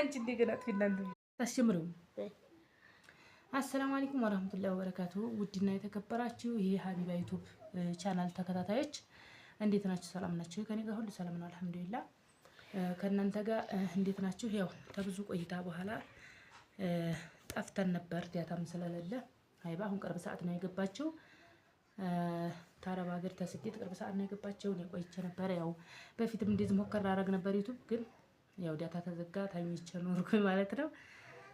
አንቺ እንደገና ትናንት ታሽምሩ። አሰላሙ አለይኩም ወራህመቱላሂ ወበረካቱ። ውድና የተከበራችሁ ይሄ ሀቢባ ዩቱብ ቻናል ተከታታዮች እንዴት ናችሁ? ሰላም ናችሁ? ከኔ ጋር ሁሉ ሰላም ነው አልሐምዱሊላህ። ከእናንተ ጋር እንዴት ናችሁ? ያው ከብዙ ቆይታ በኋላ ጠፍተን ነበር፣ ዳታም ስለሌለ ሀይባ አሁን ቅርብ ሰዓት ነው የገባችው። ከአረብ ሀገር ተስደት ቅርብ ሰዓት ነው የገባቸው። እኔ ቆይቼ ነበረ። ያው በፊትም እንደዚህ ሞከር አደርግ ነበር ዩቱብ፣ ግን ያው ዳታ ተዘጋ ታኝቼ ኖርኩኝ ማለት ነው።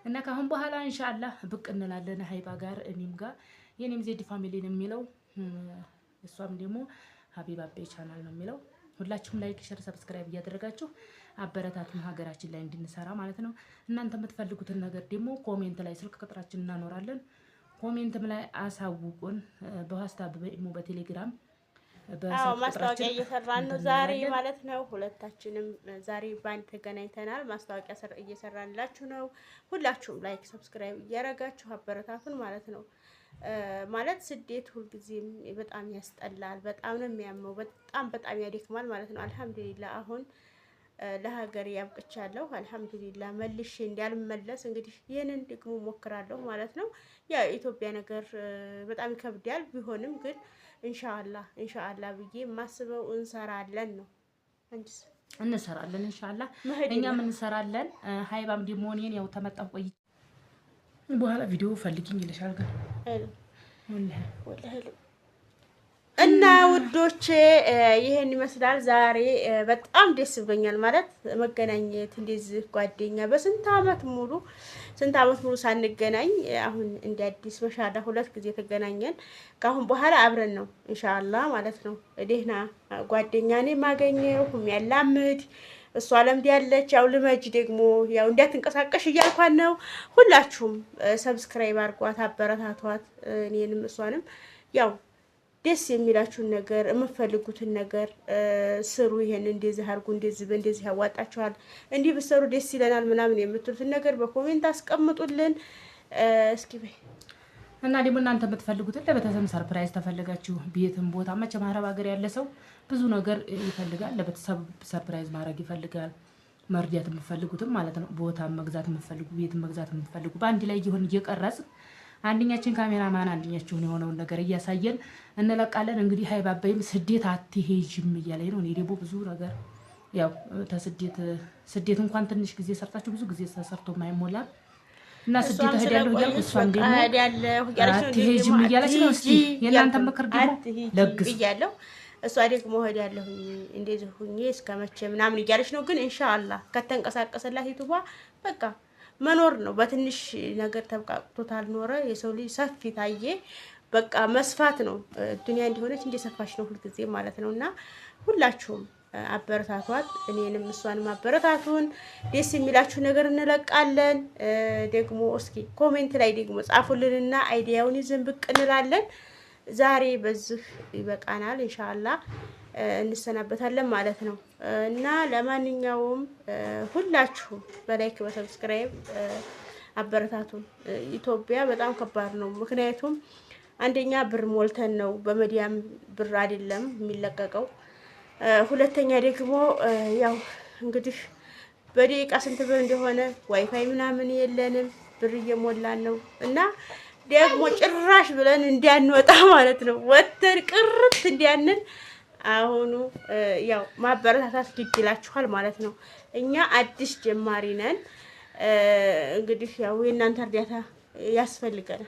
እና ካሁን በኋላ ኢንሻአላህ ብቅ እንላለን ሀይባ ጋር እኔም ጋር የኔም ዜድ ፋሚሊ ነው የሚለው እሷም ደግሞ ሀቢባ ቤ ቻናል ነው የሚለው። ሁላችሁም ላይክ፣ ሸር፣ ሰብስክራይብ እያደረጋችሁ አበረታቱን ሀገራችን ላይ እንድንሰራ ማለት ነው። እናንተ የምትፈልጉትን ነገር ደግሞ ኮሜንት ላይ ስልክ ቁጥራችን እናኖራለን። ኮሜንትም ላይ አሳውቁን። በዋስታብ በኢሞ በቴሌግራም ማስታወቂያ እየሰራን ነው ዛሬ ማለት ነው። ሁለታችንም ዛሬ በአንድ ተገናኝተናል። ማስታወቂያ እየሰራንላችሁ ነው። ሁላችሁም ላይክ፣ ሰብስክራይብ እያረጋችሁ አበረታቱን ማለት ነው። ማለት ስደት ሁልጊዜም በጣም ያስጠላል። በጣም ነው የሚያመው። በጣም በጣም ያደክማል ማለት ነው። አልሐምዱሊላ አሁን ለሀገር ያብቅቻለሁ። አልሐምዱሊላ መልሼ እንዲያልመለስ እንግዲህ ይህንን ደግሞ ሞክራለሁ ማለት ነው። ያው ኢትዮጵያ ነገር በጣም ይከብዳል። ቢሆንም ግን እንሻላ እንሻላ ብዬ ማስበው እንሰራለን ነው። እንሰራለን እንሻላ እኛም እንሰራለን። ሀይባም ዲሞኔን ያው ተመጣሁ ቆይ በኋላ ቪዲዮ ፈልጊኝ ይልሻል ግን ውዶቼ ይሄን ይመስላል። ዛሬ በጣም ደስ ብሎኛል። ማለት መገናኘት እንደዚህ ጓደኛ በስንት አመት ሙሉ ስንት አመት ሙሉ ሳንገናኝ አሁን እንደ አዲስ መሻላ ሁለት ጊዜ ተገናኘን። ከአሁን በኋላ አብረን ነው እንሻላ ማለት ነው። ደህና ጓደኛ እኔ የማገኘው የሚያላምድ እሷ ለምድ ያለች ያው ልመጅ ደግሞ ያው እንዳትንቀሳቀሽ እያልኳን ነው። ሁላችሁም ሰብስክራይብ አርጓት፣ አበረታቷት እኔንም እሷንም ያው ደስ የሚላችሁን ነገር የምትፈልጉትን ነገር ስሩ። ይሄን እንደዚህ አርጉ እንደዚህ በእንደዚህ ያዋጣችኋል፣ እንዲህ ብሰሩ ደስ ይለናል ምናምን የምትሉትን ነገር በኮሜንት አስቀምጡልን። እስኪ በይ እና ደግሞ እናንተ የምትፈልጉትን ለቤተሰብ ሰርፕራይዝ ተፈልጋችሁ ቤትም ቦታ መቼም አረብ ሀገር ያለ ሰው ብዙ ነገር ይፈልጋል። ለቤተሰብ ሰርፕራይዝ ማድረግ ይፈልጋል። መርዳት የምትፈልጉትም ማለት ነው። ቦታ መግዛት የምትፈልጉ ቤት መግዛት የምትፈልጉ በአንድ ላይ ይሁን እየቀረጽ አንደኛችን ካሜራማን አንደኛችሁን የሆነውን ነገር እያሳየን እንለቃለን። እንግዲህ ሀይ ባባይም ስደት አትሄጂም እያለኝ ነው። እኔ ደግሞ ብዙ ነገር ያው ተስደት ስደት እንኳን ትንሽ ጊዜ ሰርታችሁ ብዙ ጊዜ ተሰርቶ አይሞላም እና ስደት እሄዳለሁ እያልኩ እሷን ደግሞ አትሄጂም እያለች ነው። እስኪ የእናንተ ምክር ደግሞ ለግስ እያለሁ እሷ ደግሞ እሄዳለሁ እንደዚህ ሁኜ እስከ መቼ ምናምን እያለች ነው። ግን ኢንሻአላህ ከተንቀሳቀሰላት ዩቱባ በቃ መኖር ነው። በትንሽ ነገር ተብቃቅቶ ታልኖረ የሰው ልጅ ሰፊ ታየ በቃ መስፋት ነው። ዱኒያ እንዲሆነች እንደሰፋች ነው ሁልጊዜ ማለት ነው። እና ሁላችሁም አበረታቷት፣ እኔንም እሷንም አበረታቱን። ደስ የሚላችሁ ነገር እንለቃለን። ደግሞ እስኪ ኮሜንት ላይ ደግሞ ጻፉልንና አይዲያውን ይዘን ብቅ እንላለን። ዛሬ በዚህ ይበቃናል እንሻላ እንሰናበታለን ማለት ነው እና ለማንኛውም ሁላችሁም በላይክ በሰብስክራይብ አበረታቱን። ኢትዮጵያ በጣም ከባድ ነው። ምክንያቱም አንደኛ ብር ሞልተን ነው፣ በመዲያም ብር አይደለም የሚለቀቀው። ሁለተኛ ደግሞ ያው እንግዲህ በደቂቃ ስንት ብር እንደሆነ ዋይፋይ ምናምን የለንም፣ ብር እየሞላን ነው እና ደግሞ ጭራሽ ብለን እንዲያንወጣ ማለት ነው ወተን ቅርት እንዲያንን አሁኑ ያው ማበረታታት ግድ ማለት ነው። እኛ አዲስ ጀማሪ ነን። እንግዲህ ያው የእናንተ እርዳታ ያስፈልገናል።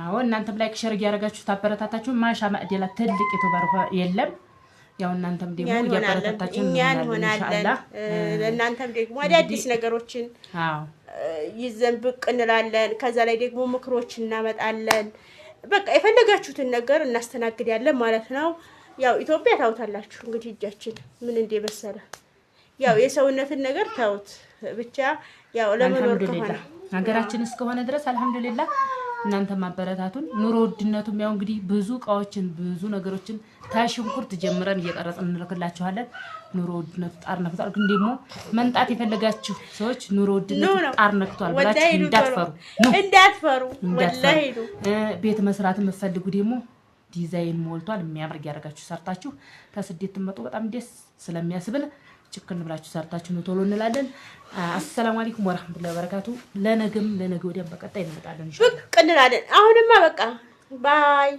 አዎ እናንተም ላይክ ሸር እያደረጋችሁ ታበረታታችሁ። ማሻ ማዕዴላ ትልቅ የተባረ የለም። ያው እናንተም ደግሞ እያበረታታችሁ እንሆናለን። እናንተም ደግሞ አዳዲስ ነገሮችን ይዘን ብቅ እንላለን። ከዛ ላይ ደግሞ ምክሮች እናመጣለን። በቃ የፈለጋችሁትን ነገር እናስተናግዳለን ማለት ነው። ያው ኢትዮጵያ ታውታላችሁ እንግዲህ እጃችን ምን እንደበሰለ ያው የሰውነትን ነገር ታውት ብቻ ያው ለመኖር ከሆነ ሀገራችን እስከሆነ ድረስ አልሐምዱሊላህ እናንተ ማበረታቱን ኑሮ ውድነቱም ያው እንግዲህ ብዙ እቃዎችን ብዙ ነገሮችን ታሽንኩርት ጀምረን እየቀረጽን እንልክላችኋለን። ኑሮ ውድነቱ ጣር ነክቷል። ግን ደግሞ መንጣት የፈለጋችሁ ሰዎች ኑሮ ውድነቱ ጣር ነክቷል ብላችሁ እንዳትፈሩ እንዳትፈሩ፣ ቤት መስራት የምትፈልጉ ደግሞ ዲዛይን ሞልቷል። የሚያምር ያደርጋችሁ ሰርታችሁ ከስደት ትመጡ በጣም ደስ ስለሚያስብል ችክን ብላችሁ ሰርታችሁ ነው ቶሎ እንላለን። አሰላሙ አለይኩም ወራህመቱላሂ ወበረካቱ። ለነገም ለነገ ወዲያም በቀጣይ እንመጣለን። ብቅ እንላለን። አሁንማ በቃ ባይ